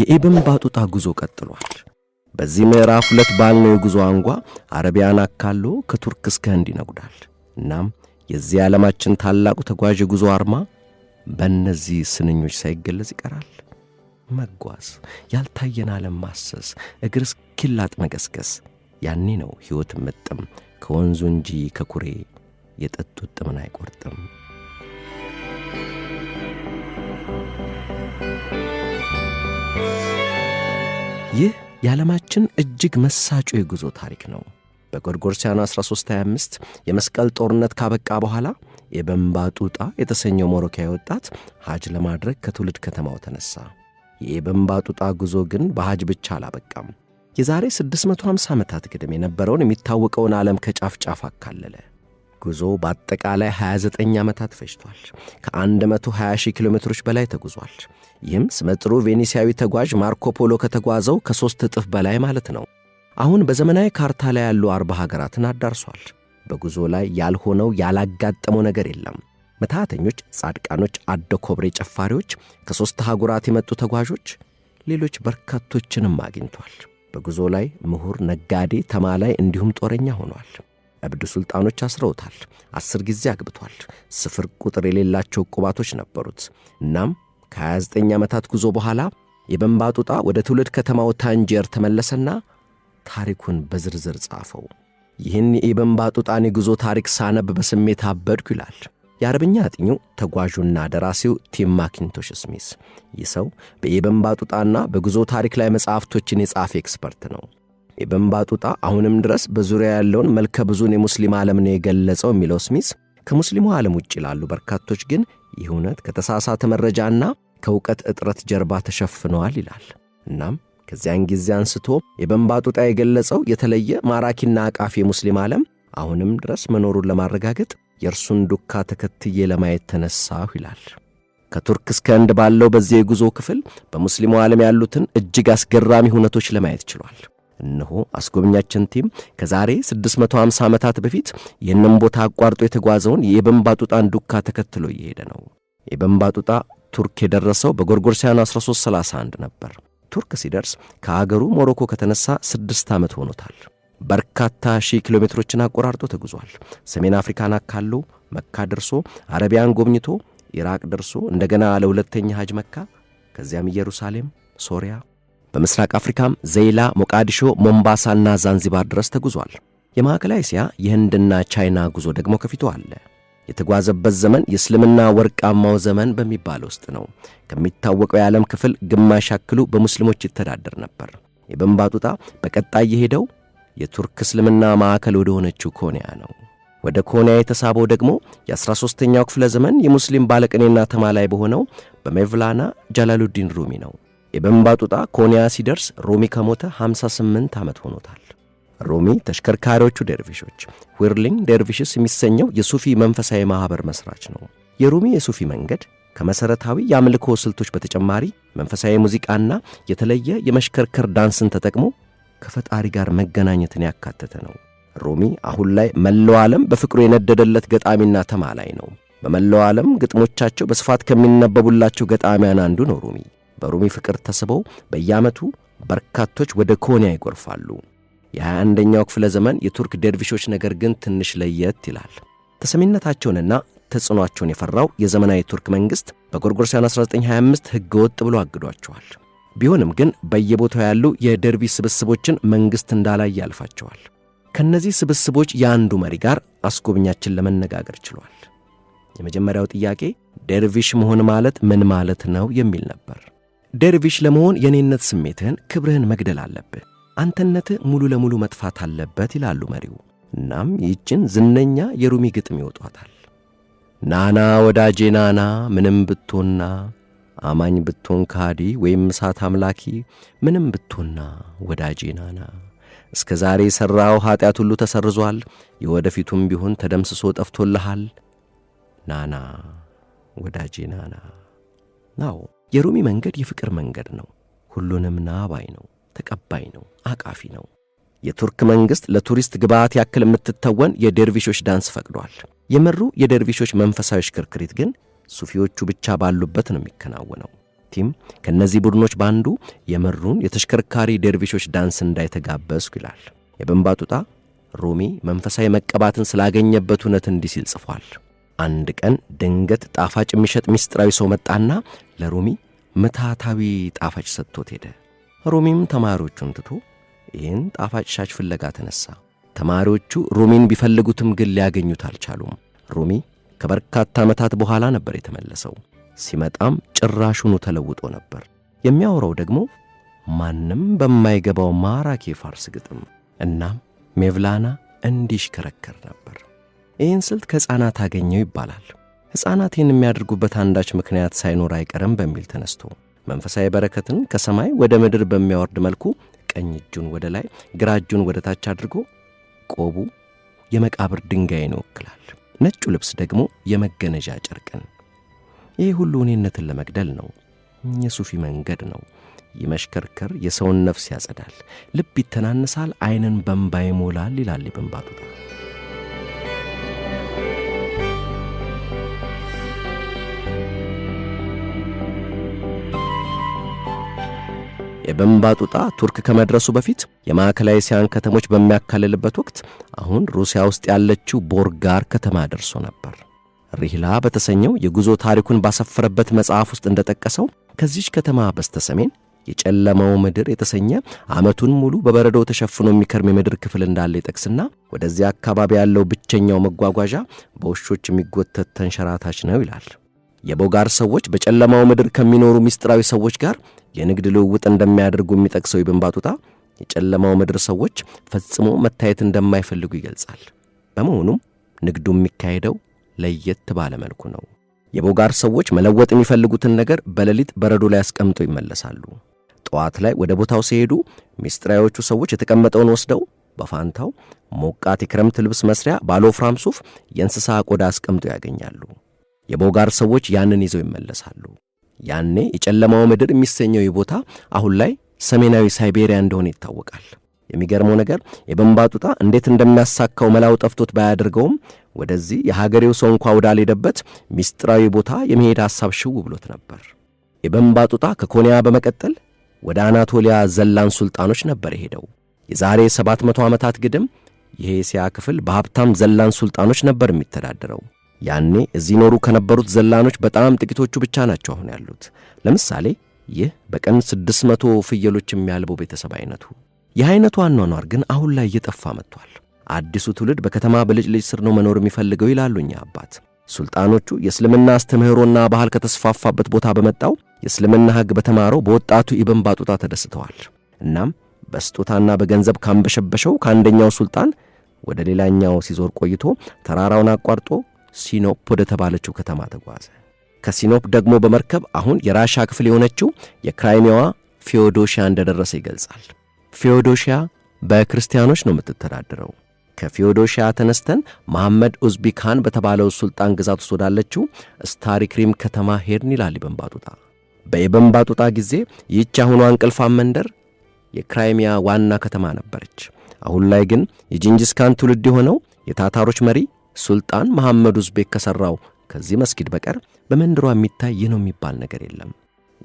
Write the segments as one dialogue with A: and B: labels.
A: የኢብን ባጡጣ ጉዞ ቀጥሏል። በዚህ ምዕራፍ ሁለት ባልነው የጉዞ አንጓ አረቢያን አካሎ ከቱርክ እስከ ህንድ ይነጉዳል። እናም የዚህ ዓለማችን ታላቁ ተጓዥ የጉዞ አርማ በእነዚህ ስንኞች ሳይገለጽ ይቀራል። መጓዝ፣ ያልታየን ዓለም ማሰስ፣ እግር እስኪላጥ መገስገስ። ያኔ ነው ሕይወት ምጥም ከወንዙ እንጂ ከኩሬ የጠጡት ጥምን አይቆርጥም። ይህ የዓለማችን እጅግ መሳጩ የጉዞ ታሪክ ነው። በጎርጎርሲያኑ 1325 የመስቀል ጦርነት ካበቃ በኋላ የበንባ ጡጣ የተሰኘው ሞሮካዊ ወጣት ሐጅ ለማድረግ ከትውልድ ከተማው ተነሳ። የበንባ ጡጣ ጉዞ ግን በሐጅ ብቻ አላበቃም። የዛሬ 650 ዓመታት ግድም የነበረውን የሚታወቀውን ዓለም ከጫፍ ጫፍ አካለለ። ጉዞ በአጠቃላይ 29 ዓመታት ፈጅቷል። ከ120 ሺህ ኪሎ ሜትሮች በላይ ተጉዟል። ይህም ስመጥሩ ቬኒሲያዊ ተጓዥ ማርኮ ፖሎ ከተጓዘው ከሦስት እጥፍ በላይ ማለት ነው። አሁን በዘመናዊ ካርታ ላይ ያሉ አርባ ሀገራትን አዳርሷል። በጉዞ ላይ ያልሆነው ያላጋጠመው ነገር የለም። መታተኞች፣ ጻድቃኖች፣ አደ ኮብሬ ጨፋሪዎች፣ ከሦስት አህጉራት የመጡ ተጓዦች፣ ሌሎች በርካቶችንም አግኝቷል። በጉዞ ላይ ምሁር፣ ነጋዴ፣ ተማላይ እንዲሁም ጦረኛ ሆኗል። እብድ ሱልጣኖች አስረውታል። አስር ጊዜ አግብቷል። ስፍር ቁጥር የሌላቸው ቁባቶች ነበሩት። እናም ከ29 ዓመታት ጉዞ በኋላ የበንባ ወደ ትውልድ ከተማው ታንጀር ተመለሰና ታሪኩን በዝርዝር ጻፈው። ይህን የኢበንባ የጉዞ ታሪክ ሳነብ በስሜት አበድኩ ይላል የአረብኛ አጥኚው ተጓዡና ደራሲው ቲም ማኪንቶሽ ስሚስ። ይህ ሰው በኢበንባ በጉዞ ታሪክ ላይ መጽሐፍቶችን የጻፈ ኤክስፐርት ነው። የበንባጡጣ አሁንም ድረስ በዙሪያ ያለውን መልከ ብዙን የሙስሊም ዓለም ነው የገለጸው የሚለው ስሚስ ከሙስሊሙ ዓለም ውጭ ላሉ በርካቶች ግን ይህ እውነት ከተሳሳተ መረጃና ከእውቀት እጥረት ጀርባ ተሸፍነዋል ይላል። እናም ከዚያን ጊዜ አንስቶ የበንባጡጣ የገለጸው የተለየ ማራኪና አቃፊ የሙስሊም ዓለም አሁንም ድረስ መኖሩን ለማረጋገጥ የእርሱን ዱካ ተከትዬ ለማየት ተነሳሁ ይላል። ከቱርክ እስከ ህንድ ባለው በዚህ የጉዞ ክፍል በሙስሊሙ ዓለም ያሉትን እጅግ አስገራሚ ሁነቶች ለማየት ችሏል። እነሆ አስጎብኛችን ቲም ከዛሬ 650 ዓመታት በፊት ይህንን ቦታ አቋርጦ የተጓዘውን የበንባጡጣን ዱካ ተከትሎ እየሄደ ነው። የበንባጡጣ ቱርክ የደረሰው በጎርጎርሲያኑ 1331 ነበር። ቱርክ ሲደርስ ከአገሩ ሞሮኮ ከተነሳ ስድስት ዓመት ሆኖታል። በርካታ ሺህ ኪሎ ሜትሮችን አቆራርጦ ተጉዟል። ሰሜን አፍሪካን አካሎ መካ ደርሶ አረቢያን ጎብኝቶ ኢራቅ ደርሶ እንደገና ለሁለተኛ ሀጅ መካ፣ ከዚያም ኢየሩሳሌም፣ ሶሪያ፣ በምስራቅ አፍሪካም ዘይላ፣ ሞቃዲሾ፣ ሞምባሳና ዛንዚባር ድረስ ተጉዟል። የማዕከላዊ እስያ የህንድና ቻይና ጉዞ ደግሞ ከፊቱ አለ። የተጓዘበት ዘመን የእስልምና ወርቃማው ዘመን በሚባል ውስጥ ነው። ከሚታወቀው የዓለም ክፍል ግማሽ ያክሉ በሙስሊሞች ይተዳደር ነበር። የበንባጡጣ በቀጣይ የሄደው የቱርክ እስልምና ማዕከል ወደ ሆነችው ኮንያ ነው። ወደ ኮንያ የተሳበው ደግሞ የ13ኛው ክፍለ ዘመን የሙስሊም ባለቅኔና ተማላይ በሆነው በሜቭላና ጃላሉዲን ሩሚ ነው። የበንባጡጣ ኮንያ ሲደርስ ሮሚ ከሞተ 58 ዓመት ሆኖታል። ሮሚ ተሽከርካሪዎቹ ደርቪሾች ዊርሊንግ ደርቪሽስ የሚሰኘው የሱፊ መንፈሳዊ ማኅበር መሥራች ነው። የሮሚ የሱፊ መንገድ ከመሠረታዊ የአምልኮ ስልቶች በተጨማሪ መንፈሳዊ ሙዚቃና የተለየ የመሽከርከር ዳንስን ተጠቅሞ ከፈጣሪ ጋር መገናኘትን ያካተተ ነው። ሮሚ አሁን ላይ መላው ዓለም በፍቅሩ የነደደለት ገጣሚና ተማላይ ነው። በመላው ዓለም ግጥሞቻቸው በስፋት ከሚነበቡላቸው ገጣሚያን አንዱ ነው ሮሚ። በሩሚ ፍቅር ተስበው በየዓመቱ በርካቶች ወደ ኮንያ ይጎርፋሉ። የ21ኛው ክፍለ ዘመን የቱርክ ደርቪሾች ነገር ግን ትንሽ ለየት ይላል። ተሰሚነታቸውንና ተጽዕኖአቸውን የፈራው የዘመናዊ ቱርክ መንግሥት በጎርጎሮሳውያን 1925 ሕገ ወጥ ብሎ አግዷቸዋል። ቢሆንም ግን በየቦታው ያሉ የደርቪሽ ስብስቦችን መንግሥት እንዳላይ ያልፋቸዋል። ከእነዚህ ስብስቦች የአንዱ መሪ ጋር አስጎብኛችን ለመነጋገር ችሏል። የመጀመሪያው ጥያቄ ደርቪሽ መሆን ማለት ምን ማለት ነው የሚል ነበር። ደርቪሽ ለመሆን የኔነት ስሜትህን፣ ክብርህን መግደል አለብህ። አንተነት ሙሉ ለሙሉ መጥፋት አለበት ይላሉ መሪው። እናም ይህችን ዝነኛ የሩሚ ግጥም ይወጧታል። ናና ወዳጄ ናና ምንም ብትሆና አማኝ ብትሆን ካዲ ወይም እሳት አምላኪ ምንም ብትሆና ወዳጄ ናና እስከ ዛሬ የሠራው ኀጢአት ሁሉ ተሰርዟል። የወደፊቱም ቢሆን ተደምስሶ ጠፍቶልሃል። ናና ወዳጄ ናና ናው የሮሚ መንገድ የፍቅር መንገድ ነው። ሁሉንም ናባይ ባይ ነው፣ ተቀባይ ነው፣ አቃፊ ነው። የቱርክ መንግሥት ለቱሪስት ግብዓት ያክል የምትተወን የደርቪሾች ዳንስ ፈቅዷል። የመሩ የደርቪሾች መንፈሳዊ ሽክርክሪት ግን ሱፊዎቹ ብቻ ባሉበት ነው የሚከናወነው። ቲም ከእነዚህ ቡድኖች በአንዱ የመሩን የተሽከርካሪ ደርቪሾች ዳንስ እንዳይተጋበዝኩ ይላል። የበንባጡጣ ሮሚ መንፈሳዊ መቀባትን ስላገኘበት እውነት እንዲህ ሲል ጽፏል። አንድ ቀን ድንገት ጣፋጭ የሚሸጥ ምስጢራዊ ሰው መጣና ለሮሚ ምታታዊ ጣፋጭ ሰጥቶት ሄደ። ሮሚም ተማሪዎቹን ትቶ ይህን ጣፋጭ ሻጭ ፍለጋ ተነሳ። ተማሪዎቹ ሮሚን ቢፈልጉትም ግን ሊያገኙት አልቻሉም። ሮሚ ከበርካታ ዓመታት በኋላ ነበር የተመለሰው። ሲመጣም ጭራሹኑ ተለውጦ ነበር። የሚያወራው ደግሞ ማንም በማይገባው ማራኪ ፋርስ ግጥም። እናም ሜቭላና እንዲሽከረከር ነበር። ይህን ስልት ከሕፃናት አገኘው ይባላል። ሕፃናት ይህን የሚያደርጉበት አንዳች ምክንያት ሳይኖር አይቀርም በሚል ተነስቶ መንፈሳዊ በረከትን ከሰማይ ወደ ምድር በሚያወርድ መልኩ ቀኝ እጁን ወደ ላይ፣ ግራ እጁን ወደ ታች አድርጎ ቆቡ የመቃብር ድንጋይን ይወክላል። ነጩ ልብስ ደግሞ የመገነዣ ጨርቅን። ይህ ሁሉ እኔነትን ለመግደል ነው። የሱፊ መንገድ ነው። ይመሽከርከር የሰውን ነፍስ ያጸዳል፣ ልብ ይተናነሳል፣ ዐይንን በንባ ይሞላል ይላል ይብን የበንባ ጡጣ ቱርክ ከመድረሱ በፊት የማዕከላዊ እስያን ከተሞች በሚያካልልበት ወቅት አሁን ሩሲያ ውስጥ ያለችው ቦርጋር ከተማ ደርሶ ነበር። ሪህላ በተሰኘው የጉዞ ታሪኩን ባሰፈረበት መጽሐፍ ውስጥ እንደጠቀሰው ከዚች ከተማ በስተሰሜን የጨለማው ምድር የተሰኘ ዓመቱን ሙሉ በበረዶ ተሸፍኖ የሚከርም የምድር ክፍል እንዳለ ይጠቅስና ወደዚያ አካባቢ ያለው ብቸኛው መጓጓዣ በውሾች የሚጎተት ተንሸራታች ነው ይላል። የቦጋር ሰዎች በጨለማው ምድር ከሚኖሩ ምስጢራዊ ሰዎች ጋር የንግድ ልውውጥ እንደሚያደርጉ የሚጠቅሰው ኢብን ባቱታ የጨለማው ምድር ሰዎች ፈጽሞ መታየት እንደማይፈልጉ ይገልጻል። በመሆኑም ንግዱ የሚካሄደው ለየት ባለ መልኩ ነው። የቦጋር ሰዎች መለወጥ የሚፈልጉትን ነገር በሌሊት በረዶ ላይ አስቀምጠው ይመለሳሉ። ጠዋት ላይ ወደ ቦታው ሲሄዱ ሚስጥራዎቹ ሰዎች የተቀመጠውን ወስደው በፋንታው ሞቃት የክረምት ልብስ መስሪያ ባለወፍራም ሱፍ የእንስሳ ቆዳ አስቀምጠው ያገኛሉ። የቦጋር ሰዎች ያንን ይዘው ይመለሳሉ። ያኔ የጨለማው ምድር የሚሰኘው ይህ ቦታ አሁን ላይ ሰሜናዊ ሳይቤሪያ እንደሆነ ይታወቃል። የሚገርመው ነገር የበንባጡጣ እንዴት እንደሚያሳካው መላው ጠፍቶት ባያደርገውም ወደዚህ የሀገሬው ሰው እንኳ ወዳልሄደበት ሚስጥራዊ ቦታ የመሄድ ሐሳብ ሽው ብሎት ነበር። የበንባጡጣ ከኮንያ በመቀጠል ወደ አናቶሊያ ዘላን ሱልጣኖች ነበር የሄደው። የዛሬ 700 ዓመታት ግድም ይሄ የእስያ ክፍል በሀብታም ዘላን ሱልጣኖች ነበር የሚተዳደረው። ያኔ እዚህ ኖሩ ከነበሩት ዘላኖች በጣም ጥቂቶቹ ብቻ ናቸው አሁን ያሉት። ለምሳሌ ይህ በቀን ስድስት መቶ ፍየሎች የሚያልበው ቤተሰብ አይነቱ። ይህ አይነቱ አኗኗር ግን አሁን ላይ እየጠፋ መጥቷል። አዲሱ ትውልድ በከተማ በልጭልጭ ስር ነው መኖር የሚፈልገው ይላሉ እኛ አባት። ሱልጣኖቹ የእስልምና አስተምህሮና ባህል ከተስፋፋበት ቦታ በመጣው የእስልምና ሕግ በተማረው በወጣቱ ኢብን ባጡጣ ተደስተዋል። እናም በስጦታና በገንዘብ ካንበሸበሸው ከአንደኛው ሱልጣን ወደ ሌላኛው ሲዞር ቆይቶ ተራራውን አቋርጦ ሲኖፕ ወደ ተባለችው ከተማ ተጓዘ። ከሲኖፕ ደግሞ በመርከብ አሁን የራሻ ክፍል የሆነችው የክራይሚያዋ ፊዮዶሽያ እንደደረሰ ይገልጻል። ፊዮዶሽያ በክርስቲያኖች ነው የምትተዳደረው። ከፊዮዶሽያ ተነስተን መሐመድ ኡዝቢካን በተባለው ሱልጣን ግዛት ውስጥ ወዳለችው ስታሪክሪም ከተማ ሄድን ይላል ኢብን ባጡጣ። በኢብን ባጡጣ ጊዜ ይህች አሁኗ እንቅልፋም መንደር የክራይሚያ ዋና ከተማ ነበረች። አሁን ላይ ግን የጂንጂስካን ትውልድ የሆነው የታታሮች መሪ ሱልጣን መሐመድ ኡዝቤክ ከሠራው ከዚህ መስጊድ በቀር በመንደሯ የሚታይ ነው የሚባል ነገር የለም።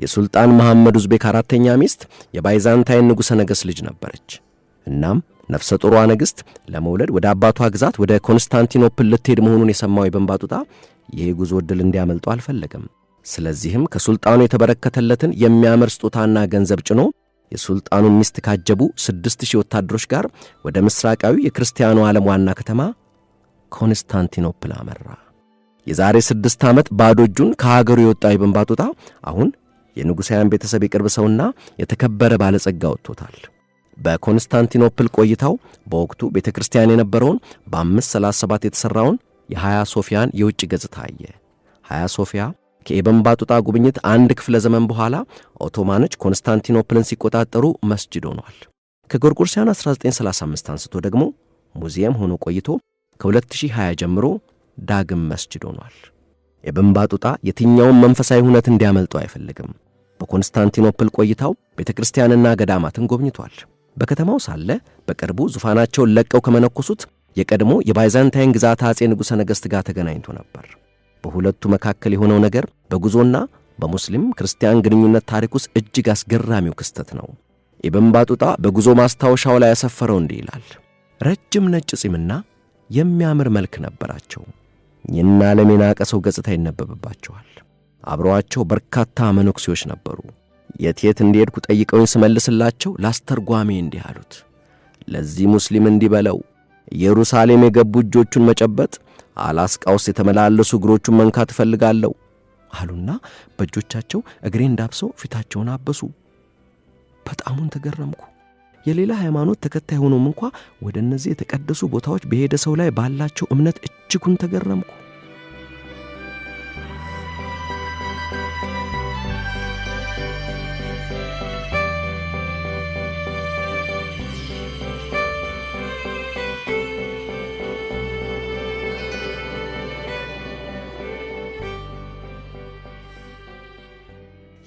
A: የሱልጣን መሐመድ ኡዝቤክ አራተኛ ሚስት የባይዛንታይን ንጉሠ ነገሥት ልጅ ነበረች። እናም ነፍሰ ጡሯ ንግሥት ለመውለድ ወደ አባቷ ግዛት ወደ ኮንስታንቲኖፕል ልትሄድ መሆኑን የሰማው የበንባጡጣ ይሄ ጉዞ ዕድል እንዲያመልጠው አልፈለገም። ስለዚህም ከሱልጣኑ የተበረከተለትን የሚያምር ስጦታና ገንዘብ ጭኖ የሱልጣኑን ሚስት ካጀቡ ስድስት ሺህ ወታደሮች ጋር ወደ ምስራቃዊ የክርስቲያኑ ዓለም ዋና ከተማ ኮንስታንቲኖፕል አመራ። የዛሬ ስድስት ዓመት ባዶ እጁን ከሀገሩ የወጣ የብንባ አሁን የንጉሣውያን ቤተሰብ የቅርብ ሰውና የተከበረ ባለጸጋ ወጥቶታል። በኮንስታንቲኖፕል ቆይታው በወቅቱ ቤተ ክርስቲያን የነበረውን በ537 የተሠራውን የሀያ ሶፊያን የውጭ ገጽታ አየ። ሀያ ሶፊያ ከኤበንባጡጣ ጉብኝት አንድ ክፍለ ዘመን በኋላ ኦቶማኖች ኮንስታንቲኖፕልን ሲቆጣጠሩ መስጅድ ሆኗል። ከጎርጎርሲያን 1935 አንስቶ ደግሞ ሙዚየም ሆኖ ቆይቶ ከ2020 ጀምሮ ዳግም መስጅድ ሆኗል። የበንባጡጣ የትኛውን መንፈሳዊ ሁነት እንዲያመልጠው አይፈልግም። በኮንስታንቲኖፕል ቆይታው ቤተ ክርስቲያንና ገዳማትን ጎብኝቷል። በከተማው ሳለ በቅርቡ ዙፋናቸውን ለቀው ከመነኮሱት የቀድሞ የባይዛንታይን ግዛት አጼ ንጉሠ ነገሥት ጋር ተገናኝቶ ነበር። በሁለቱ መካከል የሆነው ነገር በጉዞና በሙስሊም ክርስቲያን ግንኙነት ታሪክ ውስጥ እጅግ አስገራሚው ክስተት ነው። የበንባጡጣ በጉዞ ማስታወሻው ላይ ያሰፈረው እንዲህ ይላል። ረጅም ነጭ ጺምና የሚያምር መልክ ነበራቸው። ይህን ዓለም የናቀ ሰው ገጽታ ይነበብባቸዋል። አብረዋቸው በርካታ መነኩሴዎች ነበሩ። የት የት እንደሄድኩ ጠይቀውኝ ስመልስላቸው ላስተርጓሜ እንዲህ አሉት። ለዚህ ሙስሊም እንዲህ በለው ኢየሩሳሌም የገቡ እጆቹን መጨበጥ፣ አላስቃ ውስጥ የተመላለሱ እግሮቹን መንካት እፈልጋለሁ አሉና በእጆቻቸው እግሬ ዳብሰው ፊታቸውን አበሱ። በጣሙን ተገረምኩ። የሌላ ሃይማኖት ተከታይ ሆኖም እንኳ ወደ እነዚህ የተቀደሱ ቦታዎች በሄደ ሰው ላይ ባላቸው እምነት እጅጉን ተገረምኩ።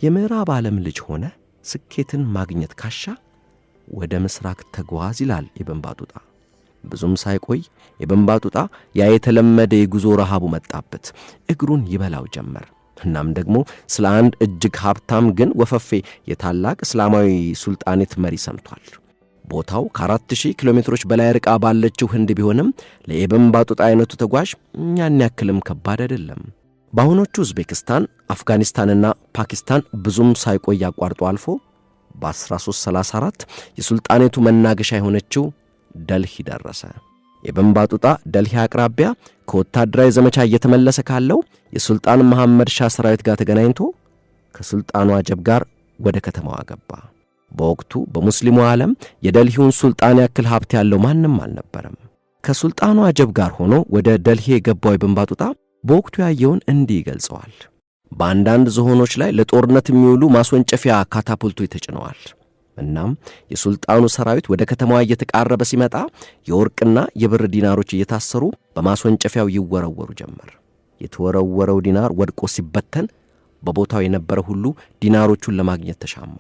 A: የምዕራብ ዓለም ልጅ ሆነ ስኬትን ማግኘት ካሻ ወደ ምስራቅ ተጓዝ ይላል የበንባጡጣ። ብዙም ሳይቆይ የበንባጡጣ ያ የተለመደ የጉዞ ረሃቡ መጣበት፣ እግሩን ይበላው ጀመር። እናም ደግሞ ስለ አንድ እጅግ ሀብታም ግን ወፈፌ የታላቅ እስላማዊ ሱልጣኔት መሪ ሰምቷል። ቦታው ከ ሺህ ኪሎ ሜትሮች በላይ ርቃ ባለችው ህንድ ቢሆንም ባጡጣ አይነቱ ተጓዥ ያን ያክልም ከባድ አይደለም። በአሁኖቹ ኡዝቤክስታን፣ አፍጋኒስታንና ፓኪስታን ብዙም ሳይቆይ አቋርጦ አልፎ በ1334 የሱልጣኔቱ መናገሻ የሆነችው ደልሂ ደረሰ። የበንባጡጣ ደልሂ አቅራቢያ ከወታደራዊ ዘመቻ እየተመለሰ ካለው የሱልጣን መሐመድ ሻ ሰራዊት ጋር ተገናኝቶ ከሱልጣኑ አጀብ ጋር ወደ ከተማዋ ገባ። በወቅቱ በሙስሊሙ ዓለም የደልሂውን ሱልጣን ያክል ሀብት ያለው ማንም አልነበረም። ከሱልጣኑ አጀብ ጋር ሆኖ ወደ ደልሂ የገባው የበንባጡጣ በወቅቱ ያየውን እንዲህ ይገልጸዋል። በአንዳንድ ዝሆኖች ላይ ለጦርነት የሚውሉ ማስወንጨፊያ ካታፖልቶች ተጭነዋል። እናም የሱልጣኑ ሰራዊት ወደ ከተማዋ እየተቃረበ ሲመጣ የወርቅና የብር ዲናሮች እየታሰሩ በማስወንጨፊያው ይወረወሩ ጀመር። የተወረወረው ዲናር ወድቆ ሲበተን በቦታው የነበረ ሁሉ ዲናሮቹን ለማግኘት ተሻማ።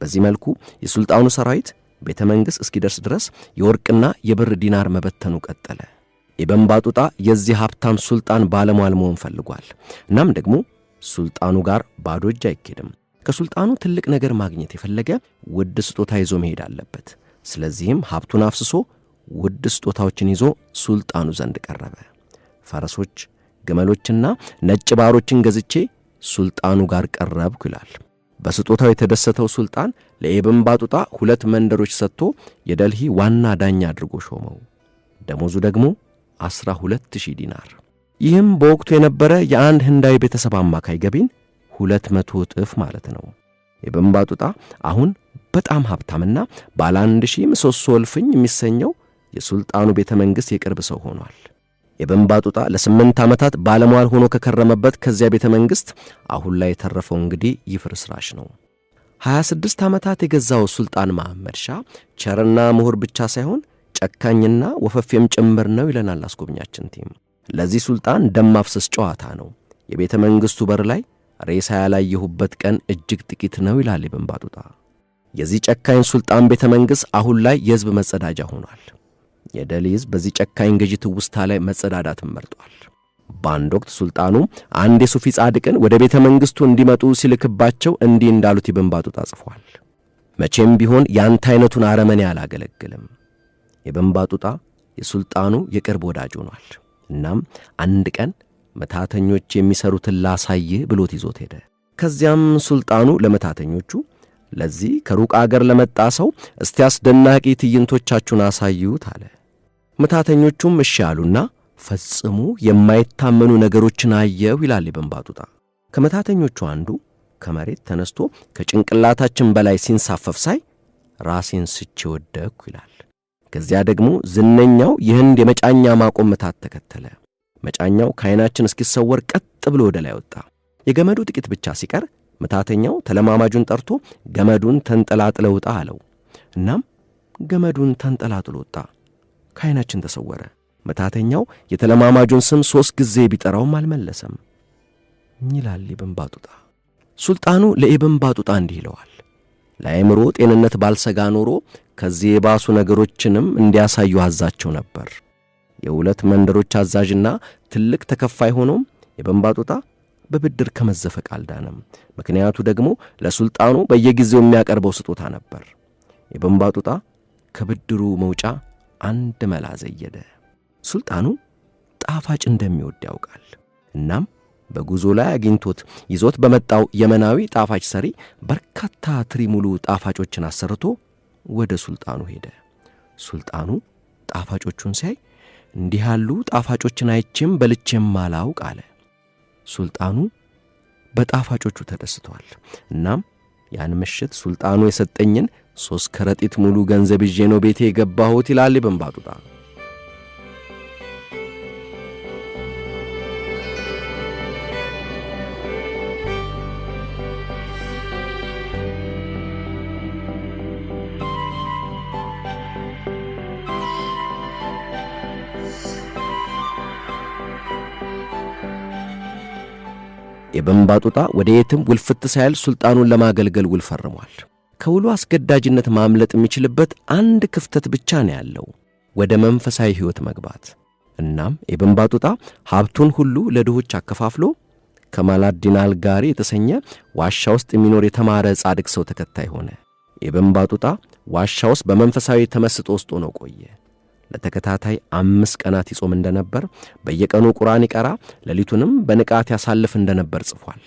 A: በዚህ መልኩ የሱልጣኑ ሰራዊት ቤተ መንግሥት እስኪደርስ ድረስ የወርቅና የብር ዲናር መበተኑ ቀጠለ። ኢብን ባጡጣ የዚህ ሀብታም ሱልጣን ባለሟል መሆን ፈልጓል። እናም ደግሞ ሱልጣኑ ጋር ባዶ እጅ አይኬድም። ከሱልጣኑ ትልቅ ነገር ማግኘት የፈለገ ውድ ስጦታ ይዞ መሄድ አለበት። ስለዚህም ሀብቱን አፍስሶ ውድ ስጦታዎችን ይዞ ሱልጣኑ ዘንድ ቀረበ። ፈረሶች፣ ግመሎችና ነጭ ባሮችን ገዝቼ ሱልጣኑ ጋር ቀረብኩ ይላል። በስጦታው የተደሰተው ሱልጣን ለኤብን ባጡጣ ሁለት መንደሮች ሰጥቶ የደልሂ ዋና ዳኛ አድርጎ ሾመው። ደሞዙ ደግሞ ዐሥራ ሁለት ሺህ ዲናር ይህም በወቅቱ የነበረ የአንድ ህንዳዊ ቤተሰብ አማካይ ገቢን ሁለት መቶ እጥፍ ማለት ነው። ጡጣ አሁን በጣም ሀብታምና ባለ አንድ ሺህ ምሰሶ እልፍኝ የሚሰኘው የሱልጣኑ ቤተ መንግሥት የቅርብ ሰው ሆኗል። የበንባጡጣ ለስምንት ዓመታት ባለሟል ሆኖ ከከረመበት ከዚያ ቤተ መንግሥት አሁን ላይ የተረፈው እንግዲህ ይፍርስራሽ ነው። 26 ዓመታት የገዛው ሱልጣን መሐመድ ሻ ቸርና ምሁር ብቻ ሳይሆን ጨካኝና ወፈፌም ጭምር ነው ይለናል አስጎብኛችን ቲም። ለዚህ ሱልጣን ደም ማፍሰስ ጨዋታ ነው። የቤተ መንግሥቱ በር ላይ ሬሳ ያላየሁበት ቀን እጅግ ጥቂት ነው ይላል ኢብን ባጡጣ። የዚህ ጨካኝ ሱልጣን ቤተ መንግሥት አሁን ላይ የሕዝብ መጸዳጃ ሆኗል። የደሊ ሕዝብ በዚህ ጨካኝ ገዢ ትውስታ ላይ መጸዳዳት መርጧል። በአንድ ወቅት ሱልጣኑ አንድ የሱፊ ጻድቅን ወደ ቤተ መንግሥቱ እንዲመጡ ሲልክባቸው እንዲህ እንዳሉት ኢብን ባጡጣ ጽፏል። መቼም ቢሆን ያንተ አይነቱን አረመኔ አላገለግልም። ኢብን ባጡጣ የሱልጣኑ የቅርብ ወዳጅ ሆኗል። እናም አንድ ቀን መታተኞች የሚሰሩትን ላሳይህ ብሎት ይዞት ሄደ። ከዚያም ሱልጣኑ ለመታተኞቹ ለዚህ ከሩቅ አገር ለመጣ ሰው እስቲ አስደናቂ ትዕይንቶቻችሁን አሳዩት አለ። መታተኞቹም እሺ አሉና ፈጽሙ የማይታመኑ ነገሮችን አየሁ ይላል ኢብን ከመታተኞቹ አንዱ ከመሬት ተነስቶ ከጭንቅላታችን በላይ ሲንሳፈፍ ሳይ ራሴን ስቼ ወደኩ ይላል። ከዚያ ደግሞ ዝነኛው የህንድ የመጫኛ ማቆም ምታት ተከተለ። መጫኛው ከዓይናችን እስኪሰወር ቀጥ ብሎ ወደ ላይ ወጣ። የገመዱ ጥቂት ብቻ ሲቀር ምታተኛው ተለማማጁን ጠርቶ ገመዱን ተንጠላጥለ ውጣ አለው። እናም ገመዱን ተንጠላጥሎ ወጣ፣ ከዓይናችን ተሰወረ። ምታተኛው የተለማማጁን ስም ሦስት ጊዜ ቢጠራውም አልመለሰም ይላል ኢብን ባጡጣ። ሱልጣኑ ለኢብን ባጡጣ እንዲህ ይለዋል፣ ለአእምሮ ጤንነት ባልሰጋ ኖሮ ከዚህ የባሱ ነገሮችንም እንዲያሳዩ አዛቸው ነበር። የሁለት መንደሮች አዛዥና ትልቅ ተከፋይ ሆኖም የበንባ ጦጣ በብድር ከመዘፈቅ አልዳነም። ምክንያቱ ደግሞ ለሱልጣኑ በየጊዜው የሚያቀርበው ስጦታ ነበር። የበንባ ጦጣ ከብድሩ መውጫ አንድ መላ ዘየደ። ሱልጣኑ ጣፋጭ እንደሚወድ ያውቃል። እናም በጉዞ ላይ አግኝቶት ይዞት በመጣው የመናዊ ጣፋጭ ሰሪ በርካታ ትሪ ሙሉ ጣፋጮችን አሰርቶ ወደ ሱልጣኑ ሄደ። ሱልጣኑ ጣፋጮቹን ሲያይ እንዲህ ያሉ ጣፋጮችን አይቼም በልቼም ማላውቅ አለ። ሱልጣኑ በጣፋጮቹ ተደስቷል። እናም ያን ምሽት ሱልጣኑ የሰጠኝን ሦስት ከረጢት ሙሉ ገንዘብ ይዤ ነው ቤቴ የገባሁት ይላል ኢብን ባጡጣ። የበንባጡጣ ጦጣ ወደ የትም ውልፍት ሳይል ሱልጣኑን ለማገልገል ውል ፈርሟል። ከውሉ አስገዳጅነት ማምለጥ የሚችልበት አንድ ክፍተት ብቻ ነው ያለው፣ ወደ መንፈሳዊ ሕይወት መግባት። እናም የበንባጡጣ ሀብቱን ሁሉ ለድሆች አከፋፍሎ ከማላዲናል ጋሪ የተሰኘ ዋሻ ውስጥ የሚኖር የተማረ ጻድቅ ሰው ተከታይ ሆነ። የበንባ ዋሻ ውስጥ በመንፈሳዊ ተመስጦ ውስጥ ሆኖ ቆየ። ለተከታታይ አምስት ቀናት ይጾም እንደነበር፣ በየቀኑ ቁርአን ይቀራ፣ ሌሊቱንም በንቃት ያሳልፍ እንደነበር ጽፏል።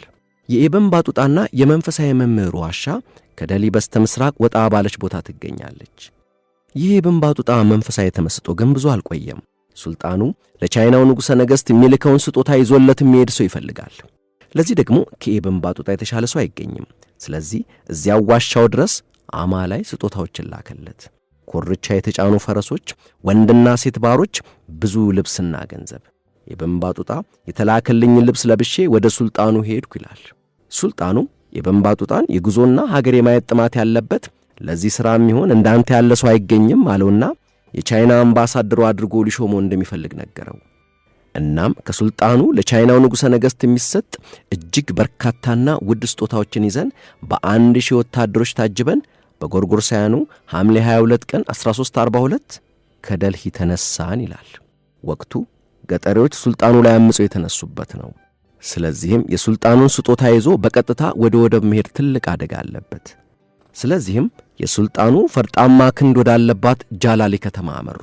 A: የኢብን ባጡጣና የመንፈሳዊ መምህሩ ዋሻ ከደሊ በስተ ምስራቅ ወጣ ባለች ቦታ ትገኛለች። ይህ ኢብን ባጡጣ መንፈሳዊ ተመስጦ ግን ብዙ አልቆየም። ሱልጣኑ ለቻይናው ንጉሠ ነገሥት የሚልከውን ስጦታ ይዞለት የሚሄድ ሰው ይፈልጋል። ለዚህ ደግሞ ከኢብን ባጡጣ የተሻለ ሰው አይገኝም። ስለዚህ እዚያው ዋሻው ድረስ አማ ላይ ስጦታዎችን ላከለት። ኮርቻ የተጫኑ ፈረሶች፣ ወንድና ሴት ባሮች፣ ብዙ ልብስና ገንዘብ። የበንባጡጣ የተላከልኝን ልብስ ለብሼ ወደ ሱልጣኑ ሄድኩ ይላል። ሱልጣኑ የበንባጡጣን የጉዞና ሀገር የማየት ጥማት ያለበት ለዚህ ሥራ የሚሆን እንዳንተ ያለ ሰው አይገኝም አለውና የቻይና አምባሳደሩ አድርጎ ሊሾመው እንደሚፈልግ ነገረው። እናም ከሱልጣኑ ለቻይናው ንጉሠ ነገሥት የሚሰጥ እጅግ በርካታና ውድ ስጦታዎችን ይዘን በአንድ ሺህ ወታደሮች ታጅበን በጎርጎርሳውያኑ ሐምሌ 22 ቀን 1342 ከደልሂ ተነሳን ይላል። ወቅቱ ገጠሬዎች ሱልጣኑ ላይ አምፀው የተነሱበት ነው። ስለዚህም የሱልጣኑን ስጦታ ይዞ በቀጥታ ወደ ወደብ መሄድ ትልቅ አደጋ አለበት። ስለዚህም የሱልጣኑ ፈርጣማ ክንድ ወዳለባት ጃላሊ ከተማ አመሩ።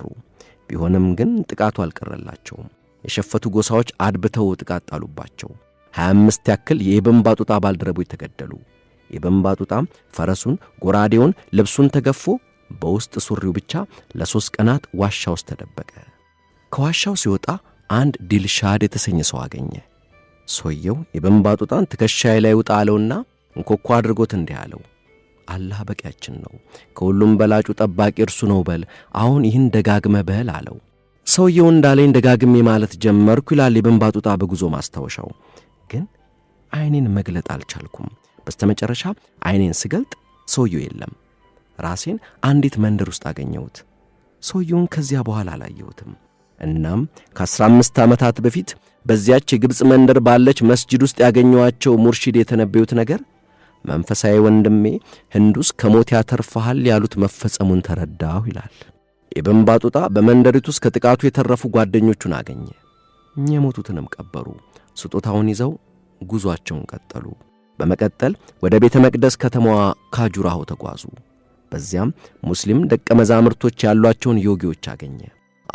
A: ቢሆንም ግን ጥቃቱ አልቀረላቸውም። የሸፈቱ ጎሳዎች አድብተው ጥቃት ጣሉባቸው። 25 ያክል የኢብን ባጡጣ ባልደረቦች ተገደሉ። የበንባ ጡጣም ፈረሱን፣ ጎራዴውን፣ ልብሱን ተገፎ በውስጥ ሱሪው ብቻ ለሦስት ቀናት ዋሻ ውስጥ ተደበቀ። ከዋሻው ሲወጣ አንድ ዲልሻድ የተሰኘ ሰው አገኘ። ሰውየው የበንባ ጡጣን ትከሻዬ ላይ ውጣ አለውና እንኮኳ አድርጎት እንዲህ አለው፣ አላህ በቂያችን ነው፣ ከሁሉም በላጩ ጠባቂ እርሱ ነው። በል አሁን ይህን ደጋግመ በል አለው። ሰውየው እንዳለኝ ደጋግሜ ማለት ጀመርኩ ይላል የበንባ በጉዞ ማስታወሻው። ግን ዐይኔን መግለጥ አልቻልኩም። በስተመጨረሻ አይኔን ስገልጥ ሰውየው የለም። ራሴን አንዲት መንደር ውስጥ አገኘሁት። ሰውየውን ከዚያ በኋላ አላየሁትም። እናም ከአስራ አምስት ዓመታት በፊት በዚያች የግብፅ መንደር ባለች መስጅድ ውስጥ ያገኘኋቸው ሙርሺድ የተነበዩት ነገር መንፈሳዊ ወንድሜ ህንዱስ ከሞት ያተርፈሃል ያሉት መፈጸሙን ተረዳሁ ይላል። ኢብን ባጡጣ በመንደሪቱ ውስጥ ከጥቃቱ የተረፉ ጓደኞቹን አገኘ። የሞቱትንም ቀበሩ። ስጦታውን ይዘው ጉዟቸውን ቀጠሉ። በመቀጠል ወደ ቤተ መቅደስ ከተማዋ ካጁራሆ ተጓዙ። በዚያም ሙስሊም ደቀ መዛሙርቶች ያሏቸውን ዮጊዎች አገኘ።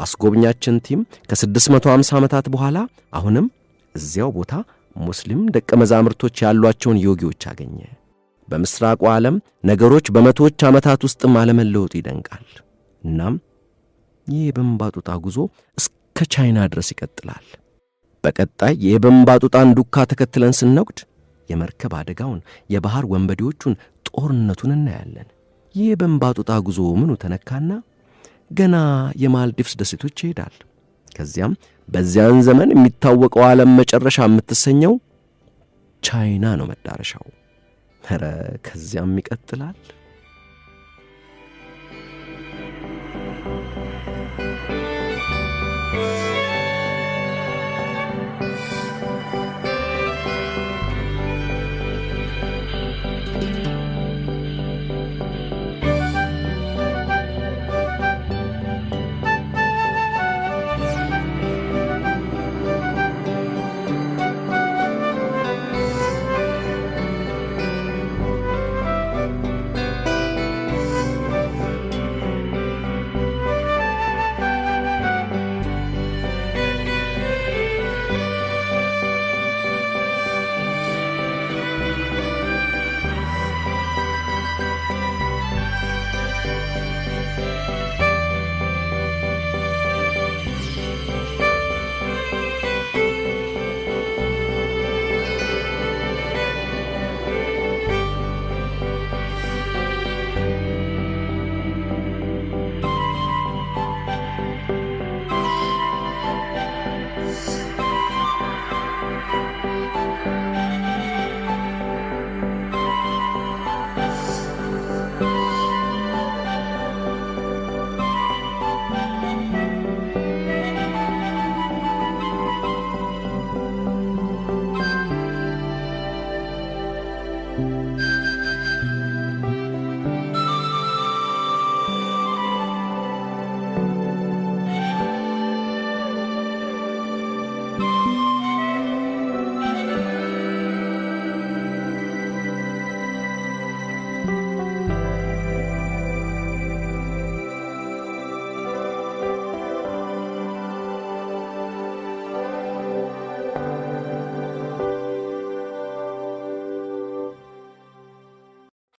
A: አስጎብኛችን ቲም ከ650 ዓመታት በኋላ አሁንም እዚያው ቦታ ሙስሊም ደቀ መዛሙርቶች ያሏቸውን ዮጊዎች አገኘ። በምሥራቁ ዓለም ነገሮች በመቶዎች ዓመታት ውስጥም አለመለወጡ ይደንቃል። እናም ይህ የበንባጡጣ ጉዞ እስከ ቻይና ድረስ ይቀጥላል። በቀጣይ የበንባጡጣን ዱካ ተከትለን ስንወቅድ የመርከብ አደጋውን፣ የባህር ወንበዴዎቹን፣ ጦርነቱን እናያለን። ይህ በንባጡጣ ጉዞ ምኑ ተነካና ገና የማልዲቭስ ደሴቶች ይሄዳል። ከዚያም በዚያን ዘመን የሚታወቀው ዓለም መጨረሻ የምትሰኘው ቻይና ነው መዳረሻው። ኧረ ከዚያም ይቀጥላል።